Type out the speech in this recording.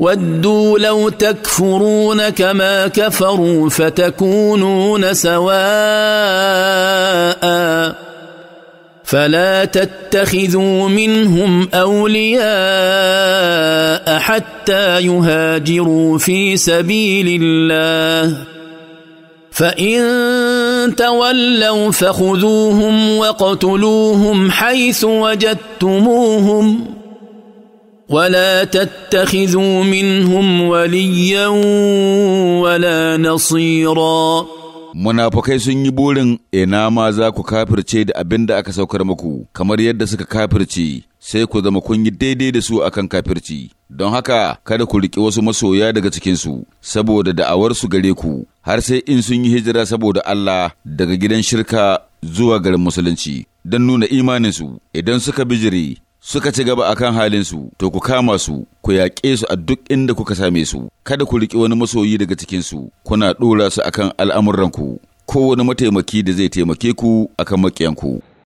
ودوا لو تكفرون كما كفروا فتكونون سواء فلا تتخذوا منهم اولياء حتى يهاجروا في سبيل الله فان تولوا فخذوهم وقتلوهم حيث وجدتموهم ولا تتخذوا منهم وليا ولا نصيرا munafukai sun yi burin ina ma za ku kafirce da abin da aka saukar muku kamar yadda suka kafirce sai ku zama kun yi daidai da su akan kafirci don haka kada ku riƙi wasu masoya daga cikinsu saboda da'awarsu gare ku har sai in sun yi hijira saboda Allah daga gidan shirka zuwa garin musulunci don nuna imaninsu idan suka bijire suka ci gaba akan su to ku kama su, ku yaƙe su a duk inda kuka same su, kada ku riƙe wani masoyi daga cikin cikinsu, kuna ɗora su akan al'amuranku, kowane mataimaki da zai taimake ku akan maƙiyanku.